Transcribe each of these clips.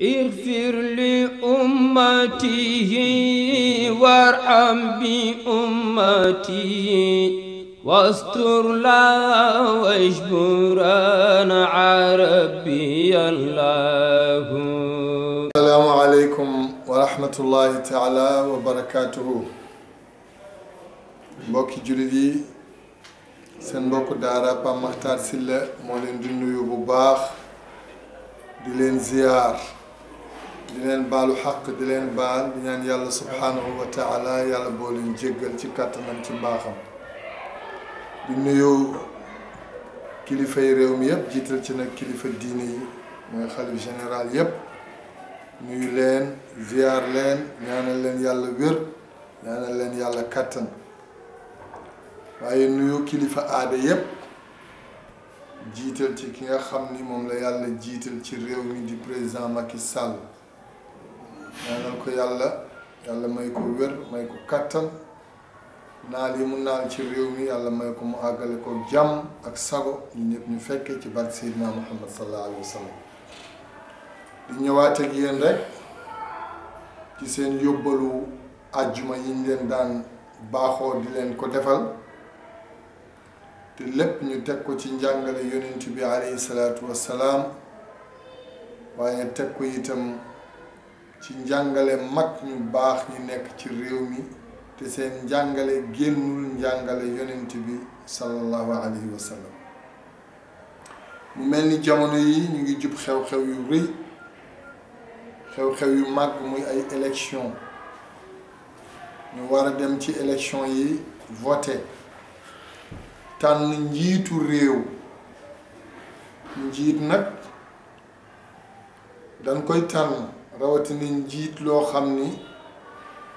اغفر لأمتي وارحم بأمتي واستر لا واجبر انا عربي الله السلام عليكم ورحمة الله تعالى وبركاته بوكي جولي سن بوكو دارا با مختار سيلا مولين دي نيو بو باخ دي زيار di leen baalu xàq di leen baal di ñaan yàlla subhaanahu wa taala yàlla boo leen jéggal ci kàttanam ci mbaaxam di nuyu kilifa yi réew mi yëpp jiital ci nag kilifa diine yi mooy xalif général yëpp nuyu leen ziar leen ñaanal leen yàlla wér ñaanal leen yàlla kàttan waaye nuyu kilifa aada yëpp jiital ci ki nga xam ni moom la yàlla jiital ci réew mi di président Macky Sall ñaanal ko yàlla yàlla may ko wér may ko kàttan naal yi mu naal ci réew mi yàlla may ko mu àggale ko jàmm ak sago ñu ñëpp ñu fekkee ci barke Seydina Muhammad sallallahu alayhi wa sallam di ñëwaat ak rek ci seen yóbbalu àjjuma yi ñu leen daan baaxoo di leen ko defal te lépp ñu teg ko ci njàngale yonent bi alayhi salaatu wassalaam waaye teg ko itam ci njàngale mag ñu baax ñu nekk ci réew mi te seen njàngale génnul njàngale yonent bi sallallahu alayhi wa sallam mu mel ni jamono yi ñu ngi jub xew-xew yu rëy xew-xew yu mag muy ay élection ñu war dem ci élection yi vote. tànn njiitu réew njiit nag dañ koy tànn rawatina njiit loo xam ni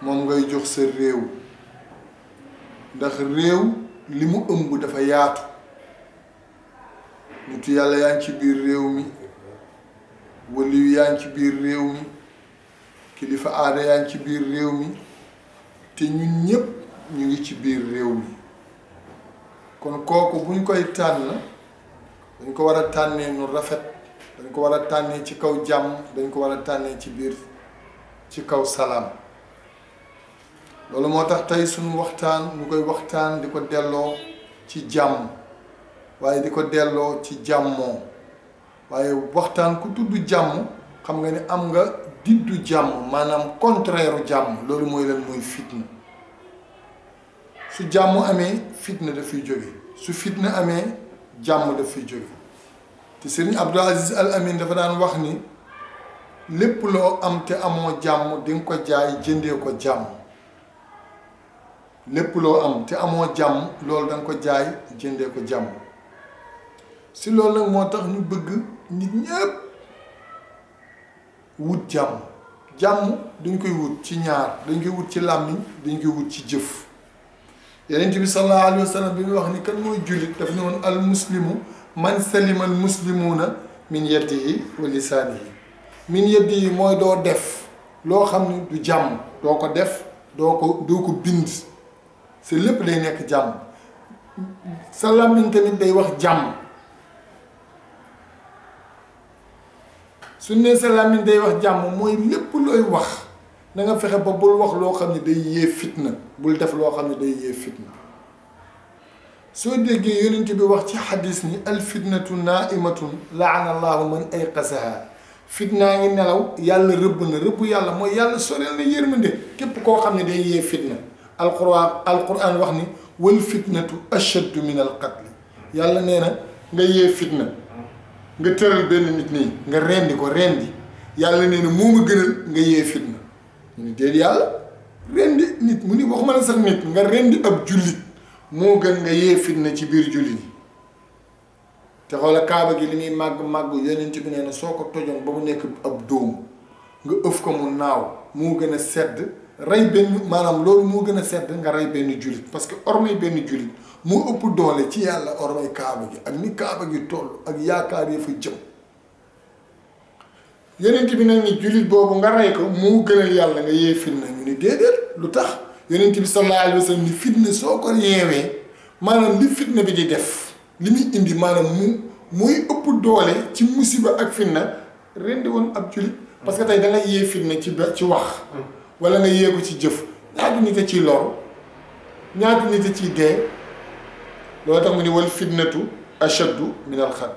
moom ngay jox sa réew ndax réew li mu ëmb dafa yaatu nitu yàlla yaa ngi ci biir réew mi waliyu yaa ngi ci biir réew mi kilifa aada yaa ngi ci biir réew mi te ñun ñépp ñu ngi ci biir réew mi kon kooku buñ koy tànn dañ ko war a tànnee nu rafet dañ ko war a tànnee ci kaw jàmm dañ ko war a tànnee ci biir ci kaw salaam loolu moo tax tey suñu waxtaan ñu koy waxtaan di ko delloo ci jàmm waaye di ko delloo ci jàmmoo waaye waxtaan ku tudd jàmm xam nga ni am nga diddu jàmm maanaam contraire jàmm loolu mooy lan mooy fitna su jàmm amee fitna daf fiy jóge su fitna amee jàmm daf fiy jóge te sëriñ Abdou Aziz Al Amin dafa daan wax ni lépp loo am te amoo jàmm di ko jaay jëndee ko jàmm lépp loo am te amoo jàmm loolu da ko jaay jëndee ko jàmm si lool nag moo tax ñu bëgg nit ñépp wut jàmm jàmm duñ koy wut ci ñaar dañ koy wut ci làmmiñ dañ koy wut ci jëf yeneen bi sallallahu alayhi wa sallam bi ñu wax ni kan mooy jullit daf ne woon al muslimu man salimal muslimuuna min yadihi wa lisaanihi min yadihi mooy doo def loo xam ne du jàmm doo ko def doo ko doo ko bind sa lépp day nekk jàmm sa làmmiñ tamit day wax jàmm su ne sa làmmiñ day wax jàmm mooy lépp looy wax na fexe ba bul wax loo xam ne day yee fitna bul def loo xam ne day yee fitna soo déggee yonent bi wax ci xadis ni al fitnatu naaimatun laana allahu man ayqasaha fitnaa ngi nelaw yàlla rëbb na rëbb yàlla mooy yàlla soreel na yërmande képp koo xam ne day yee fitna alquran alquran wax ni wal fitnatu ashaddu min al qatli yàlla nee na nga yee fitna nga tëral benn nit nii nga rendi ko rendi yàlla nee na moo ma gënal nga yee fitna ñu ne déet yàlla rendi nit mu ni waxuma la sax nit nga rendi ab jullit moo gën nga yee fitna ci biir julli ñi te xoola kaaba gi li muy màgg màgg yonent bi nee na soo ko tojoon ba mu nekk ab dóom nga ëf ko mu naaw moo gën a sedd rey benn maanaam loolu moo gën a sedd nga rey benn jullit parce que ormay benn jullit moo ëpp doole ci yàlla ormay kaaba gi ak ni kaaba gi toll ak yaakaar ya fa jëm yonent bi nag ni jullit boobu nga rey ko moo gënal yàlla nga yee fitna ñu ni déedéet lu tax yonentibi sallallahu alayhi wasallam ni fitna soko ko manam maanaam li fitna bi di def limi indi manam mu muy upp doole ci musiba ak fitna rendi won ab julit parce que tay da nga yé fitna ci ci wax wala nga yé ko ci jëf ñaata nit a ciy lor ñaata nit a ciy dee loolu tax mu ni wal fitnatu ashaddu min al khat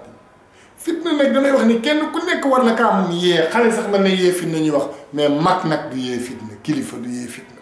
fitna nag damay wax ni kenn ku nek war na kam yé xale sax man na yé fitna ñuy wax mais mak nak du yé fitna kilifa du yé fitna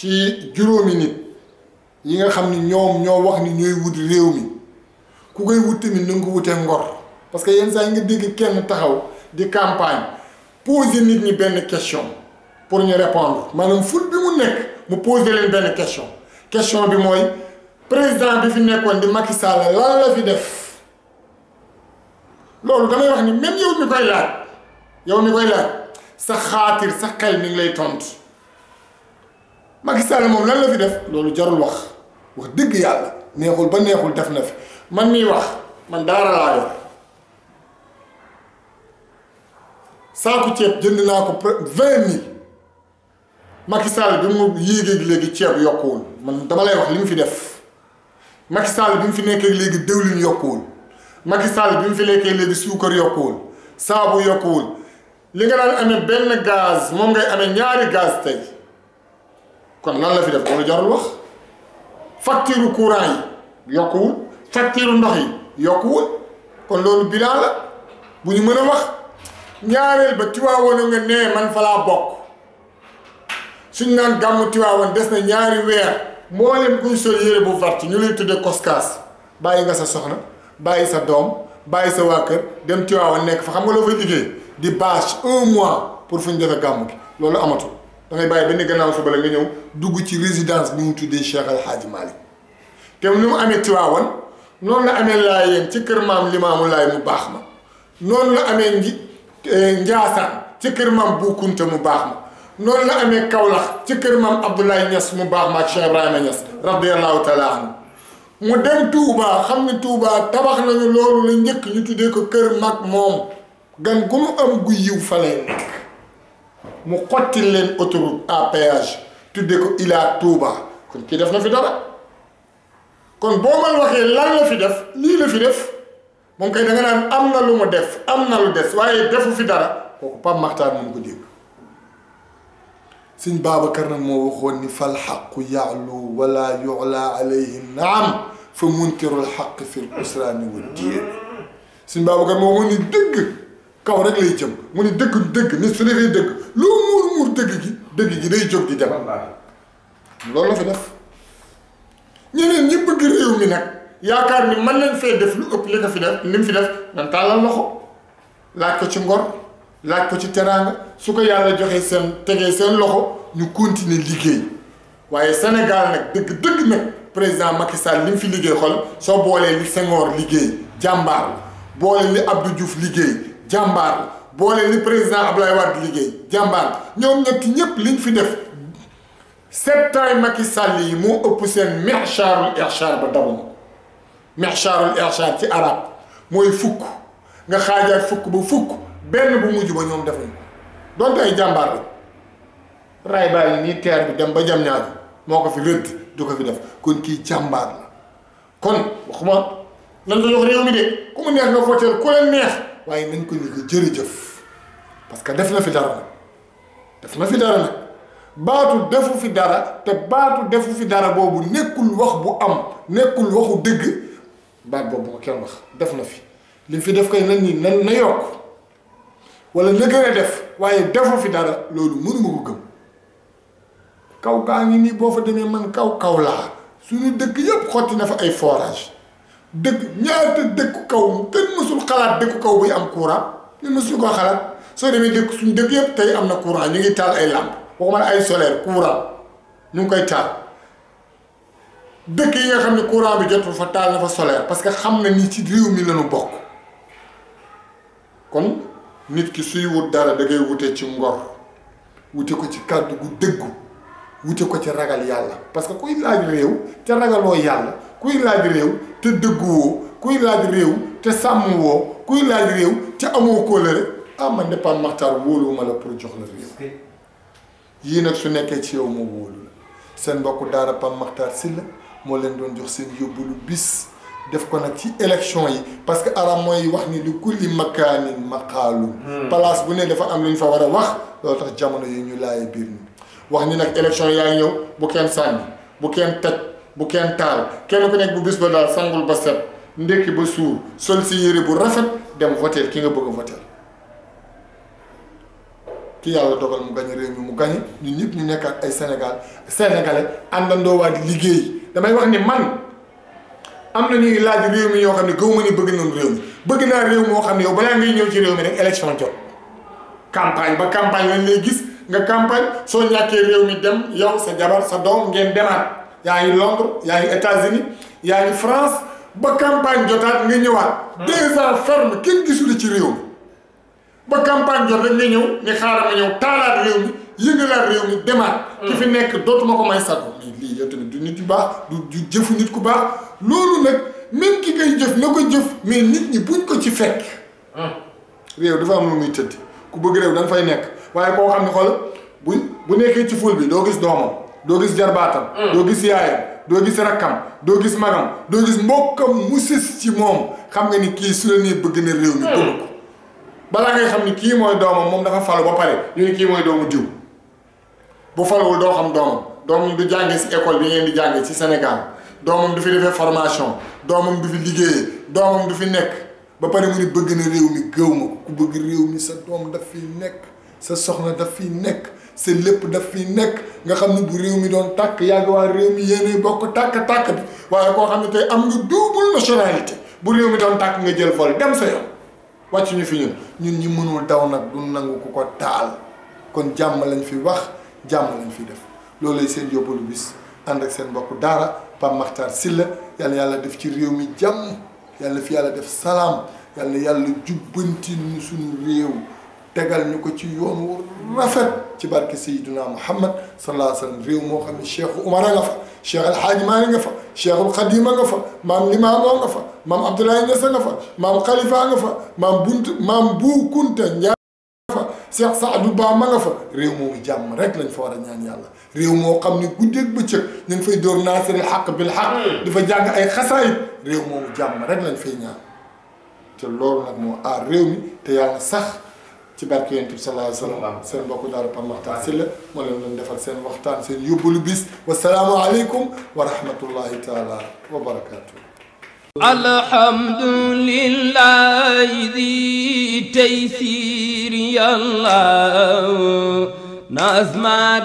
ci juróomi nit yi nga xam ni ñoom ñoo wax ni ñooy wut réew mi ku koy wut tamit na nga ko wutee ngor parce que yenn saa nga dégg kenn taxaw di campagne poser nit ñi benn question pour ñu répondre maanaam ful bi mu nekk mu poser leen benn question question bi mooy président bi fi nekkoon di Macky Sall lan la fi def loolu damay wax ni même yow mi koy laaj yow mi koy laaj sa xaatir sa xel mi ngi lay tontu. Macky Sall moom lan la fi def loolu jarul wax wax dëgg yàlla neexul ba neexul def na fi man mii wax man daara laa yor saaku ceeb jënd naa ko vingt mille Macky Sall bi mu yéegee léegi ceeb yokkuwul man dama lay wax li mu fi def Macky Sall bi mu fi nekkee léegi dëwlin yokkuwul Macky Sall bi mu fi nekkee léegi suukar yokkuwul saabu yokkuwul li nga daan amee benn gaz moom ngay amee ñaari gaz tey kon lan la fi def loolu jarul wax facture courant yi yokkuwul facture ndox yi yokkuwul kon loolu bilan buñu meuna wax ñaareel ba Tiwaawan nga ne man fa laa bokk suñ naan gàmmu Tiwaawan des na ñaari weer mboolem kuy sol yére bu vert ñu lay tuddee koskas bàyyi nga sa soxna bàyyi sa dom bàyyi sa waa kër dem Tiwaawan nek fa xam nga lo fay liggéey di bâche 1 mois pour fu ñu gamu gàmmu amatu da ngay bàyyi benn gannaaw suba la nga ñëw dugg ci résidence bi ñu tuddé Cheikh El Hadj Malick te ni mu amee Tiwaawan noonu la amé Laayeen ci kër maam Limaamu Laay mu bax ma non la amé ngi ndiasa ci kër maam Bu Kunta mu bax ma non la amé Kawlax ci kër maam Abdoulaye ness mu bax ma Cheikh Ibrahima Niass radiyallahu taala anhu mu dem Touba xam ne Touba tabax nañu loolu la ñëk ñu tuddé ko kër mak mom gan gumu am gu yiw fa lay nekk مقتل لين اوتور ابياج تدك الى توبا كون كي دافنا في دارا كون بوما الوخي لان في لي لو ممكن داف مون كاي داغنا امنا لو مو امنا لو داف واي دافو في دارا كوكو با مختار من كو ديك سين بابا كرنا مو وخون فالحق يعلو ولا يعلى عليه نعم فمنكر الحق في الاسران والدين سين بابا كرنا مو وخون ني kaw rek lay jëm mu ne dëgg dëgg nit su defee dëgg lu muur muur dëgg gi dëgg gi day jóg di dem loolu la fi def ñeneen ñi bëgg réew mi nag yaakaar ni man leen fee def lu ëpp li nga fi def lim fi def nan tàllal loxo laaj ko ci ngor laaj ko ci teraanga su ko yàlla joxee seen tegee seen loxo ñu continuer liggéey waaye Sénégal nag dëgg dëgg nag président Macky Sall li fi liggéey xool soo boolee li sengoor liggéey jàmbaar boole li Abdou Diouf liggéey jàmbaar boole li président Ablaye Wade liggéey jàmbaar ñoom ñetti ñépp liñ fi def settaay Macky Sall yi moo ëpp seen mexchaarul erchaar ba dabu ma mexchaarul erchaar ci arab mooy fukk nga xaajaat fukk ba fukk benn bu mujj ba ñoom def nañ ko donte ay jàmbaar la raay de nii teer bi dem ba jam ñaaju moo fi rëdd du ko fi def kon kii jàmbaar la kon waxuma lan la jox réew mi de ku mu neex nga ku neex واي منكم نيكو جيرجف باسكو دفنا في دارنا دفنا في دارنا باتو دفو في دارا تا باتو دفو في دارا بوبو نيكول واخ بو ام نيكول واخو دغ بات بوبو كان واخ دفنا في لي في دف كاي نني نيوك ولا نغير دف واي دفو في دارا لولو منو مكو گم كاو كاغي ني بو فا ديمي مان كاو كاو لا سونو دك ييب خوتي نفا اي فوراج dëkk ñaata dëkku kaw kenn mësul xalaat dëkku kaw buy am courant ñun mësuñu ko xalaat soo demee dëkk suñu dëkk yëpp tey am na courant ñu ngi taal ay lampe waxuma ay solaire courant ñu ngi koy taal dëkk yi nga xam ne courant bi jotul fa taal na fa solaire parce que xam na ni ci réew mi lañu bokk kon nit ki suy wut dara da ngay wute ci ngor wute ko ci kàddu gu dëggu wute ko ci ragal yalla parce que kuy laaj rew te il yalla kuy laaj rew te wo kuy laaj rew te il wo kuy laaj rew te amoo kóolëre ah man de pas Makhtar woluma la pour jox la réew yii su de ci yow mo wóolu sen bokku daara pas Makhtar sil mo len pas jox sen yobulu bis def ko nak ci élection yi parce que moy wax ni lu kulli makaanin Pas hmm. place bu ne dafa am luñ fa wara wax lo tax jamono yi ñu wax ni nag élection yaa ngi bu kenn sànni bu kenn toj bu kenn taal kenn ku nekk bu bis ba daal sangul ba set ndékki ba suur sol si yére bu rafet dem voter ki nga bëgg a ki yàlla dogal mu gañ réew mi mu gañ ñun ñëpp ñu nekkaat ay Sénégal na àndandoo waat liggéey damay wax ni man am na ñuy laaj réew mi yoo xam ne gëw ma ni bëgg nañ réew mi bëgg naa réew moo xam ne yow balaa ngay ñëw ci réew mi rek élection jot campagne ba campagne lañ lay gis. nga campagne so ñaké réew mi dem yow sa jabar sa dom ngeen demaat yaay ngi Londres yaay ngi États-Unis yaay ngi France ba campagne jotat nga ñëwaat. Hmm. deux ferme kenn gisul ci réew mi. ba campagne jot rek nga ñëw ni xaaral ma ñëw taalaat réew mi yëngalaat réew mi demaat. Hmm. ki fi nekk dootuma ko may sago. lii yow tamit du nit yu baax du jëfu nit ku baax loolu nag même ki koy jëf na ko jëf mais nit ñi buñ ko ci fekk. Hmm. réew dafa am lu muy tëdd ku bëgg réew da fay nekk waye ko xamni xol bu bu nekkee ci ful bi do gis doomam do gis jarbaatam mm. do gis yaayam do gis rakam do gis magam do gis mbokam mu ci mom xam nga ni ki su la nee bëgg na réew mi mm. ko bala ngay xam ni kii mooy doomam dafa falu ba paré ñu ne kii mooy doomu diw bu falawul do xam doomam doomam du jàngé ci école bi ngeen di jàngé ci Sénégal doomam du fi defee formation doomam du fi liggéeyee doomam du fi nekk ba paré mu ni bëgg na réew mi gëw ku bëgg réew mi sa doom daf fi nekk sa soxna daf fi nekk sa lépp daf fi nekk nga xam ne bu réew mi doon tàkk yàgg waa réew mi yéenee bokk tàkk-tàkk bi waaye koo xam ne tey am nga double nationalité bu réew mi doon tàkk nga jël vol dem sa yoon wàcc ñu fi ñun ñun ñi mënul daw nag du nangu ku ko taal kon jàmm lañu fi wax jàmm lañ fi def loolu loolay seen yóbbalu bis ànd ak seen mbokku daara Pape Makhtar Sylla yàlla yàlla def ci réew mi jàmm yàlla fi yàlla def salaam yàlla yàlla jubbanti nu suñu réew tegal ñu ko ci yoon wu rafet ci barke Seydina Muhammad sallallahu alayhi wa sallam réew moo xam ne Cheikh Umar a nga fa Cheikh El Hadj Maani nga fa Cheikhul Khadim a nga fa maam Limaamoo nga fa maam Abdoulaye Niass a nga fa maam Khalifa a nga fa maam Bunt maam Bou Kounta Ndiaye nga fa Cheikh Saadou Ba ma nga fa réew moomu jàmm rek lañ fa war a ñaan yàlla réew moo xam ne guddeeg bëccëg ñu ngi fay door naasiril xaq bil xaq dafa jàng ay xasaayit réew moomu jàmm rek lañ fay ñaan te loolu nag moo aar réew mi te yàlla sax تبارك ينتبه صلى الله عليه وسلم سلم بكو دار بان مختار سلة مولم لن دفع سين مختار سين يبول بيس والسلام عليكم ورحمة الله تعالى وبركاته الحمد لله ذي تيسير يا الله نظم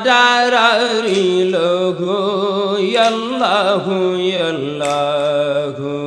داراري له يا الله يا الله